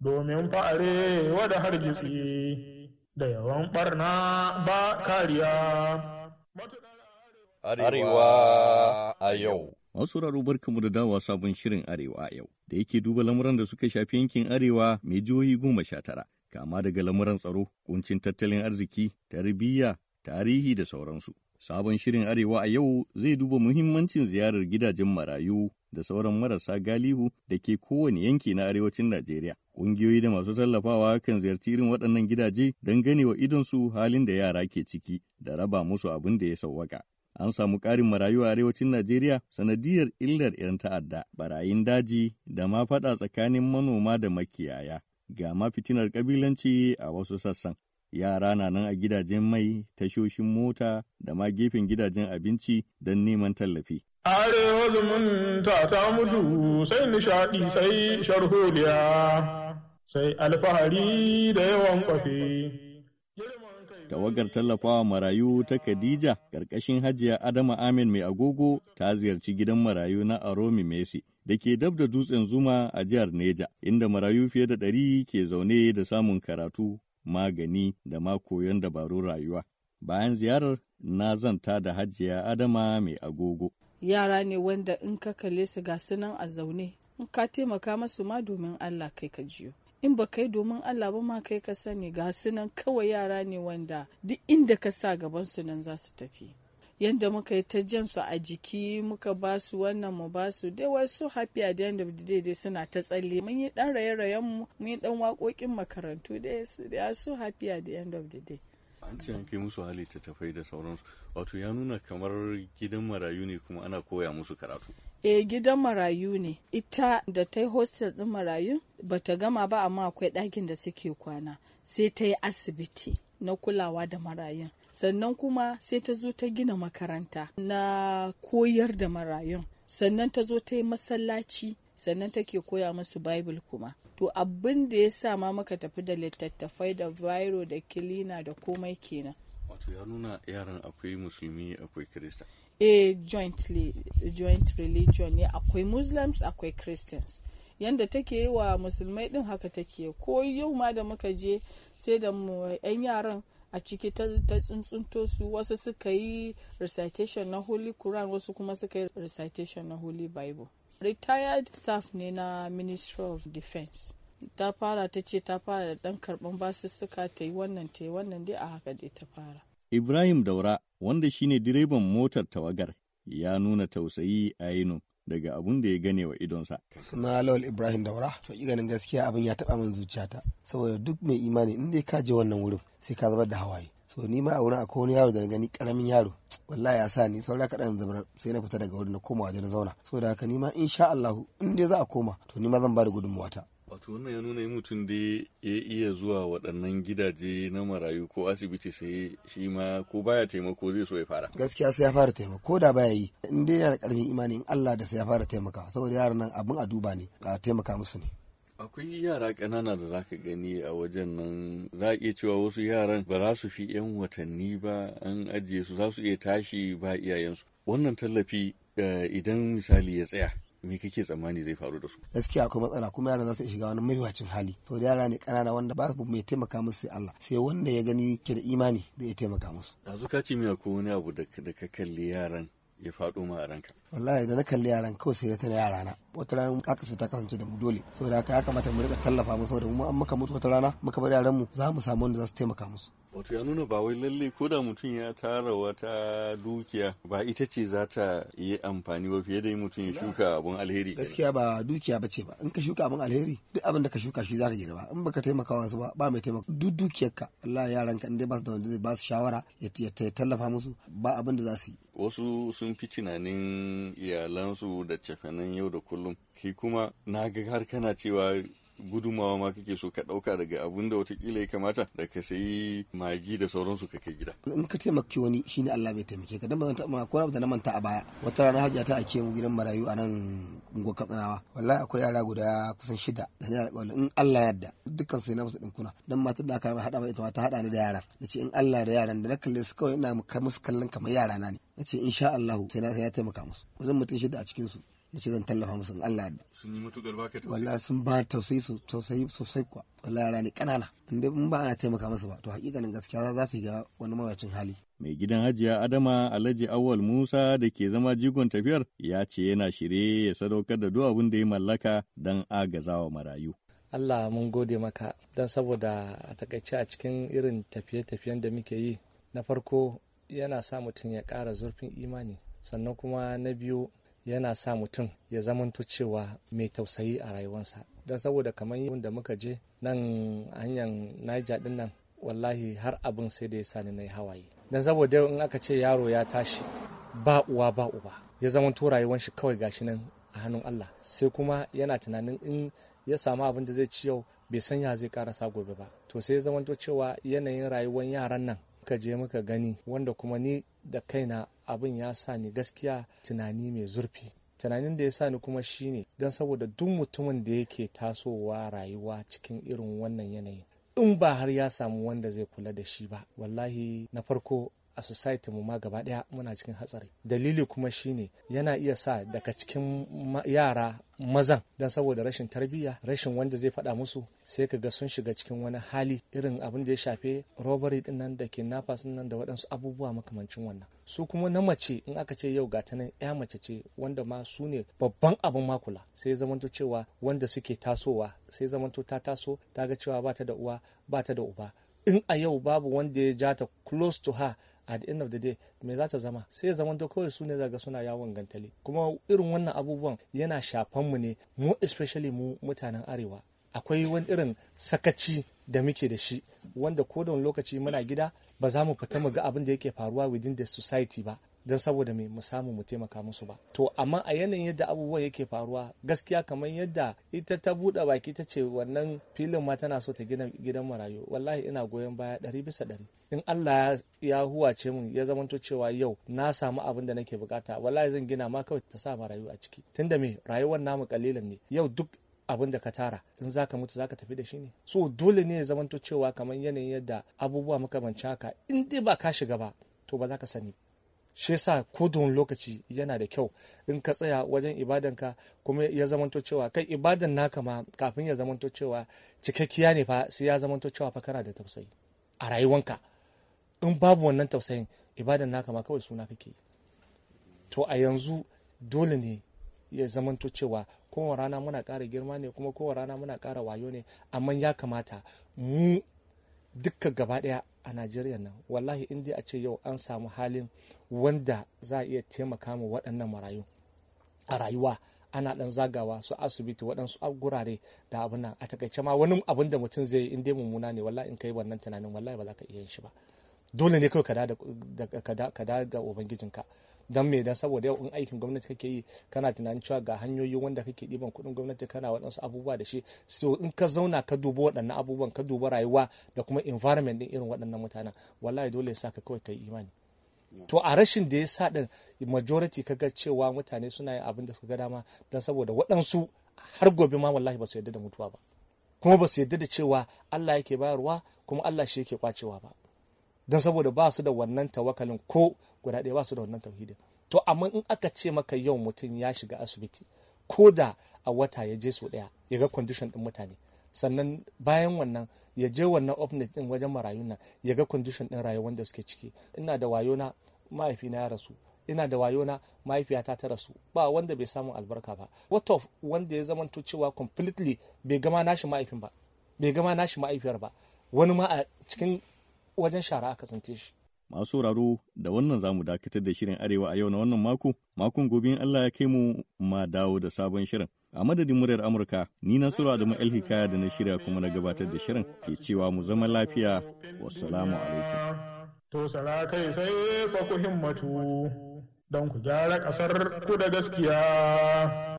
domin fa'are wada hargitsi da yawan barna ba kariya. Arewa a yau Masu rarubar da dawa sabon shirin Arewa a yau, da yake duba lamuran da suka shafi yankin Arewa mai jihohi goma sha tara, kama daga lamuran tsaro, kuncin tattalin arziki, tarbiyya, tarihi da sauransu. Sabon shirin Arewa a yau zai duba muhimmancin ziyarar gidajen marayu da sauran marasa galihu da ke kowane yanki na arewacin Najeriya. Ƙungiyoyi da masu tallafawa kan ziyarci irin waɗannan gidaje don ganewa idonsu halin da yara ke ciki da raba musu abin da ya sauwaka. an samu ƙarin marayu a arewacin Najeriya sanadiyar illar 'yan ta'adda, barayin daji da ma faɗa tsakanin manoma da makiyaya. Ga ma fitinar ƙabilanci a wasu sassan, yara na nan a gidajen mai tashoshin mota da ma gefen gidajen abinci don neman tallafi are zumunta ta mutu sai nishaɗi sai sharholiya sai alfahari da yawan kwafi tawagar tallafawa marayu ta Khadija ƙarƙashin hajiya Adama Amin mai agogo ta ziyarci gidan marayu na Aromi Messi da ke dab da dutsen zuma a jihar Neja, inda marayu fiye da ɗari ke zaune da samun karatu magani da ma koyon dabarun rayuwa. Bayan ziyarar na zanta da hajjiya Adama mai agogo. Yara ne wanda in ka kalle su ga su nan a zaune, in ka taimaka masu ma domin Allah kai ka jiyo. in ba kai domin Allah ba ma kai ka sani ga su nan kawai yara ne wanda duk inda ka sa gaban su nan za su tafi. yadda muka yi ta jan su a jiki muka ba su wannan mu ba su dai wasu happy at the end of the day dai suna ta tsalle mun yi dan raye-rayen mu mun yi dan waƙoƙin makarantu dai su dai so happy at the end of the day an ce an kai musu hali ta tafai da sauransu wato ya nuna kamar gidan marayu ne kuma ana koya musu karatu e gidan marayu ne ita da ta yi hostel din marayu ba ta gama ba amma akwai ɗakin da suke kwana sai ta yi asibiti na kulawa da marayun sannan kuma sai ta zo ta gina makaranta na koyar da marayun sannan ta zo ta yi masallaci sannan take koya musu bible kuma to abin da ya sa ma maka tafi da littattafai da viro da kilina da komai kenan wato ya nuna yaran akwai musulmi akwai kirista eh jointly joint religion ne akwai muslims akwai christians yanda take yi wa musulmai din haka take ko yau ma da muka je sai da mu yan yaran a ciki ta tsuntsunto su wasu suka yi recitation na holy quran wasu kuma suka yi recitation na holy bible retired staff ne na ministry of defense ta fara ta ce ta fara da dan karban basu suka ta yi wannan ta yi wannan dai a haka dai ta fara. Ibrahim Daura wanda shine direban motar tawagar ya nuna tausayi a yinon daga abun da ya gane wa idonsa. Suna Lawal Ibrahim Daura, to ganin gaskiya abin ya taɓa min zuciyata, saboda duk mai imani in dai ka je wannan wurin sai ka zubar da hawaye. So ni ma a wurin akwai wani yaro da gani karamin yaro, wallahi ya sa ni saura kaɗan zabar sai na fita daga wurin na koma waje na zauna. Saboda haka ni ma insha Allahu in dai za a koma to ni ma zan ba da gudunmuwata. Wato wannan ya nuna mutum da ya iya zuwa waɗannan gidaje na marayu ko asibiti sai shi ma ko baya taimako zai so ya fara. Gaskiya sai ya fara taimako ko da baya yi. In dai yana karfin imanin Allah da sai ya fara taimaka saboda yaran nan abin a duba ne a taimaka musu ne. akwai yara ƙanana da zaka gani a wajen nan za a iya cewa wasu yaran ba za su fi 'yan watanni ba an ajiye su za su iya tashi ba iyayensu wannan tallafi eh, idan misali ya tsaya me kake tsammani zai faru da su gaskiya akwai matsala kuma yaran za su shiga wani maiwacin hali to da yara ne kanana wanda ba su mai taimaka musu sai Allah sai wanda ya gani ke da imani da ya taimaka musu yanzu ka ce miya ko wani abu da ka kalli yaran ya faɗo ma a ranka wallahi da na kalli yaran kawai sai ta yara na wata rana kakasa ta kasance da mu dole saboda haka ya kamata mu riƙa tallafa musu saboda mu an muka mutu wata rana muka bar yaran mu za mu samu wanda za su taimaka musu Wato ya nuna ba wai lalle ko da mutum ya tara wata dukiya ba ita ce za ta yi amfani ba fiye da mutum ya shuka abun alheri. Gaskiya ba dukiya ba ce ba in ka shuka abun alheri duk abin da ka shuka shi za ka girba in baka taimaka wasu ba ba mai taimaka duk dukiyarka Allah ya in inda ba su da wanda zai ba su shawara ya tallafa musu ba abin da za su yi. Wasu sun fi tunanin iyalansu da cefanen yau da kullum ki kuma na ga har kana cewa gudumawa ma kake so ka ɗauka daga abun da watakila ya kamata da ka sayi magi da sauransu ka kai gida. In ka taimaki wani shi ne Allah bai taimake ka dan ta taɓa ko da na manta a baya wata rana hajiya ta ake mu gidan marayu a nan unguwar Katsinawa wallahi akwai yara guda kusan shida da ni in Allah ya yarda dukkan sai na musu dinkuna dan matar da aka haɗa mai ita ta haɗa ni da yaran nace in Allah da yaran da na kalle su kawai ina musu kallon kamar yara na ne nace insha Allah sai na taimaka musu wajen mutum shida a cikin su da ce zan tallafa musu in Allah da sun yi baka wallahi sun ba tausayi sosai sosai kuwa wallahi yara ƙanana kanana dai in ba ana taimaka musu ba to haƙiƙanin gaskiya za su ga wani mawacin hali mai gidan hajiya adama alhaji awal musa da ke zama jigon tafiyar ya ce yana shirye ya sadaukar da duk da ya mallaka don agazawa marayu Allah mun gode maka don saboda a takaice a cikin irin tafiye-tafiyen da muke yi na farko yana sa mutum ya kara zurfin imani sannan kuma na biyu yana sa mutum ya zamanto cewa mai tausayi a rayuwarsa don saboda kamar yi da muka je nan hanyar naija din nan wallahi har abin sai da ya sa ni na yi hawaye don saboda in aka ce yaro ya tashi ba uwa ba uba ya zamanto rayuwar shi kawai gashi nan a hannun Allah sai kuma yana tunanin in ya samu abin da zai ci yau bai san ya zai karasa gobe ba to sai ya zamanto cewa yanayin rayuwar yaran nan muka je muka gani wanda kuma ni da kaina abin ya sa ni gaskiya tunani mai zurfi tunanin da ya sa ni kuma shine don saboda duk mutumin da yake tasowa rayuwa cikin irin wannan yanayin in ba har ya samu wanda zai kula da shi ba wallahi na farko a society mu ma gaba daya muna cikin hatsari dalili kuma shine yana iya sa daga cikin yara mazan don saboda rashin tarbiyya rashin wanda zai faɗa musu sai ka ga sun shiga cikin wani hali irin abin da ya shafe robbery din nan da kidnappers nan da waɗansu abubuwa makamancin wannan su kuma na mace in aka ce yau ga ta nan ya mace ce wanda ma su ne babban abin makula sai zamanto cewa wanda suke tasowa sai zamanto ta taso ta ga cewa ba ta da uwa ba ta da uba in a yau babu wanda ya ja ta close to her at the end of the day me za ta zama sai zaman to kawai su ne zaga suna yawon gantali kuma irin wannan abubuwan yana shafan mu ne mu especially mu mutanen arewa akwai wani irin sakaci da muke da shi wanda ko da lokaci muna gida ba za mu fita mu ga abin da yake faruwa within the society ba don saboda mai mu samu mu taimaka musu ba to amma a yanayin yadda abubuwa yake faruwa gaskiya kamar yadda ita ta buɗe baki ta ce wannan filin ma tana so ta gina gidan marayu wallahi ina goyon baya ɗari bisa ɗari in Allah ya huwace mun ya zamanto cewa yau na samu abin da nake bukata wallahi zan gina ma kawai ta sa marayu a ciki tunda me rayuwar namu kalilan ne yau duk abin da ka tara in zaka mutu zaka tafi da shi ne so dole ne ya zamanto cewa kamar yanayin yadda abubuwa makamanci haka in dai ba ka shiga ba to ba za ka sani shi yasa ko da wani lokaci yana da kyau in ka tsaya wajen ibadanka kuma ya zamanto cewa kai ibadan naka ma kafin ya zamanto cewa cikakkiya ne fa sai ya zamanto cewa fa kana da tausayi a rayuwanka in babu wannan tausayin ibadan naka ma kawai suna kake to a yanzu dole ne ya zamanto cewa kowa rana muna ƙara girma ne kuma kowa rana muna ƙara wayo ne amma ya kamata mu duka gaba ɗaya a najeriya nan wallahi in dai a ce yau an samu halin wanda za a iya taimaka ma waɗannan marayu a rayuwa ana ɗan zagawa su asibiti waɗansu gurare da abin nan a takaice ma wani abin da mutum zai yi in dai mummuna ne wallahi in kai wannan tunanin wallahi ba za ka iya yin shi ba dole ne kawai ka da ga ubangijinka don me dan saboda yau in aikin gwamnati kake yi kana tunanin cewa ga hanyoyi wanda kake ɗiban kuɗin gwamnati kana waɗansu abubuwa da shi so in ka zauna ka dubi waɗannan abubuwan ka duba rayuwa da kuma environment ɗin irin waɗannan mutanen wallahi dole ya ka kawai ka yi imani to a rashin da ya sa din majority kaga cewa mutane suna yin abin da suka ga dama don saboda waɗansu har gobe ma wallahi ba su yadda da mutuwa ba kuma ba su yadda da cewa Allah yake bayarwa kuma Allah shi yake kwacewa ba don saboda ba su da wannan tawakalin ko guda ɗaya ba su da wannan tauhidin to amma in aka ce maka yau mutum ya shiga asibiti ko da a wata ya je su ɗaya ya ga condition ɗin mutane sannan bayan wannan ya je wannan ofnet din wajen marayun nan ya ga condition din rayuwar da suke ciki ina da wayo wayona mahaifina ya rasu ina da wayo na mahaifiyata ta rasu ba wanda bai samu albarka ba what of wanda ya zama to cewa completely bai gama nashi mahaifin ba bai gama nashi mahaifiyar ba wani ma a cikin wajen shara aka tsinte shi masu sauraro da wannan zamu dakatar da shirin arewa a yau na wannan mako makon gobe Allah ya kai mu ma dawo da sabon shirin a madadin muryar amurka ni na sura da ma'il hikaya da na shirya kuma na gabatar da shirin ke cewa mu zama lafiya wassalamu alaikum to kai sai fa ku himmatu don ku gyara kasar ku da gaskiya